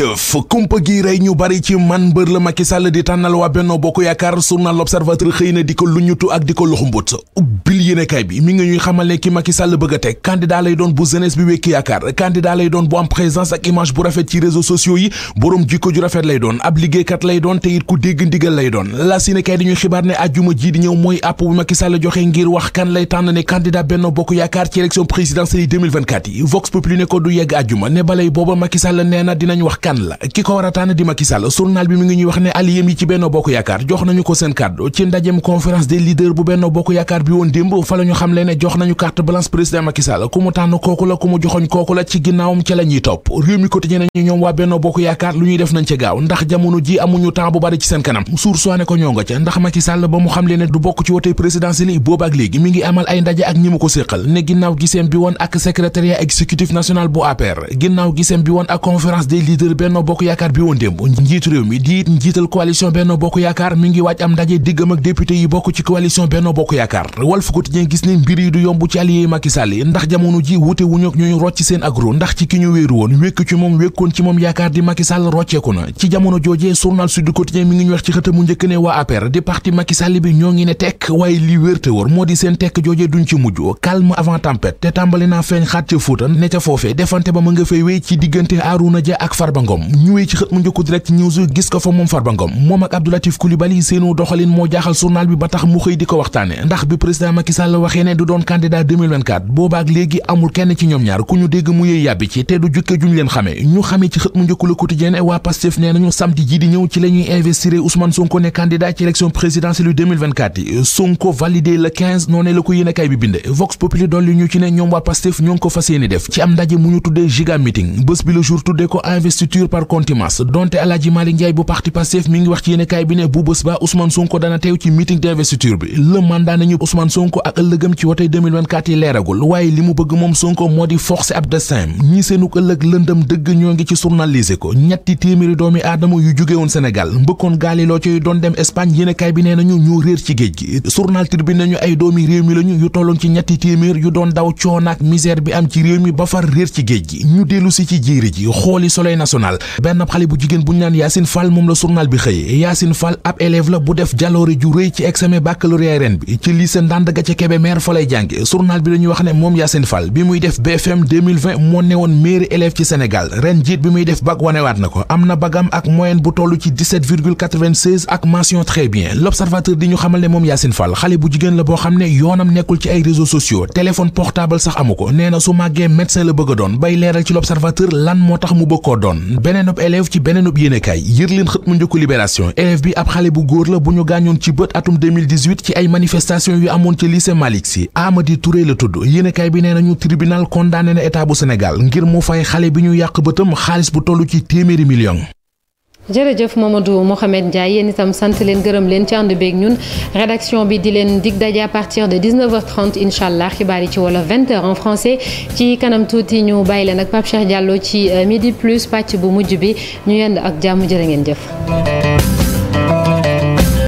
jëf kumpa gi rey ñu bari ci man mbër la Macky Sall di tànnal waa Benno Bokk Yaakaar journal L'Observateur xëy na di ko luñutu ak di ko luxumbut ubbil yéenekaay bi mi ngi ñuy xamale ki Macky Sall bëgg teg candidat lay doon bu jeunesse bi wekki yaakaar candidat lay doon bu am ak image bu rafet ci réseaux sociaux yi boroom jikko ju rafet lay doon ab liggéeykat lay doon te ku dégg ndigal lay doon la yéenekaay di ñuy xibaar ne ajjuma ji di ñëw mooy kan ki ko war a tànn di Macky Sall bi mi ngi ñuy wax ne alliés yi ci Benno Bokk Yaakaar jox nañu ko seen kàddu ci ndajem conférence des leaders bu Benno Bokk Yaakaar bi woon démb fa la ñu ne jox nañu carte blanche président Macky ku mu tànn kooku la ku mu joxoñ kooku la ci ginnaawam ca la topp réew mi quotidien nañu ñoom waa Benno Bokk Yaakaar lu ñuy def nañ ca gaaw ndax jamono ji amuñu temps bu bari ci seen kanam suur soane ko Benno Bokk Yaakaar bi woon démb njiitu réew mi di njiital coalition Benno Bokk Yaakaar mi ngi waaj am ndaje diggam ak député yi bokk ci coalition Benno Bokk Yaakaar Walf Quotidien gis ne mbir yi du yomb yi ndax jamono ji wuute wuñu ak ñuy rocc seen agro ndax ci ki ñu wéeru woon wékk ci moom wékkoon ci moom yaakaar di Macky Sall rocceeku na ci jamono joojee journal Sud Quotidien mi ngi wax ci xëtamu njëkk ne waa APR di parti Macky Sall bi ñoo ngi ne tekk waaye li wér te wóor moo di seen tekk joojee duñ te tàmbali naa Farba ñu wéy ci xët mu njëkku direct news gis ko fa moom Farba Ngom moom ak Abdou Latif Coulibaly seenu doxalin moo jaaxal journal bi ba tax mu xëy di ko waxtaane ndax bi président Macky Sall waxee ne du doon candidat 2024 boobaak léegi amul kenn ci ñoom ñaar ku ñu dégg mu yëy yàbbi ci te du jukke juñ leen xamee ñu xamee ci xët mu njëkku Le Quotidien waa Pastef nee nañu samedi ji di ñëw ci la ñuy investir Ousmane ne candidat ci élection présidentielle rupture par contumace donte Alaaji Malick Ndiaye bu parti Pastef mi ngi wax ci yéenekaay bi ne bu bés ba Ousmane Sonko dana teew ci meeting d'investiture bi le mandat nañu Ousmane Sonko ak ëllëgam ci wote leeragul waaye li mu bëgg moom Sonko moo di forcer ab destin ñi ëllëg lëndëm dëgg ñoo ngi ci journaliser ko ñetti téeméeri doomi aadama yu jóge woon Sénégal mbëkkoon gaaliloo ciy doon dem Espagne yéenekaay bi nee nañu ñu réer ci géej gi journal bi nañu ay doom réew mi lañu yu tolloon ci ñetti téeméer yu doon daw coonaak misère am ci réew mi gi ñu dellu si ci jéeri ji xooli soleil journal benn xale bu jigéen bu ñu naan Yacine moom la journal bi xëyee Yacine Fall ab élève la bu def jaloore ju rëy ci examen baccalauréat ren bi ci lycée Ndande ga ca Kébémer fa lay jànge journal bi dañuy wax ne moom Yacine fal bi muy def BFM 2020 moo ne woon meilleur élève ci Sénégal ren jiit bi muy def bac wanewaat na ko am na bagam ak moyenne bu toll ci 17 virgule 96 ak mention très bien l'observateur di ñu xamal ne moom Yacine Fall xale bu jigéen la boo xam ne yoonam nekkul ci ay réseaux sociaux téléphone portable sax amu ko nee na su màggee médecin la bëgg a doon bay leeral ci l'observateur lan moo tax mu bëgg doon beneen beneenub élève ci beneenub yéenekaay yër leen xët mu njëkku libération élève bi ab xale bu góor la bu ñu gaañoon ci bët atum 2018 ci ay manifestation yu amoon ci lycée malik Sy Amady Touré la tudd yéenekaay bi nee nañu tribunal condamné na état bu Sénégal ngir mu fay xale bi ñu yàq bëtam xaalis bu toll ci téeméeri million jërëjëf Mamadou Mohamed Ndiaye yéen itam sant leen gërëm leen ci ànd beeg ñun rédaction bi di leen dig daje à partir de 19h30 incha allah xibaar yi ci wolof 20h en français ci kanam tuuti ñu bàyyi leen ak Pape Cheikh ci euh, midi plus pàcc bu mujj bi ñu yend ak jàmm jërë ngeen jëf.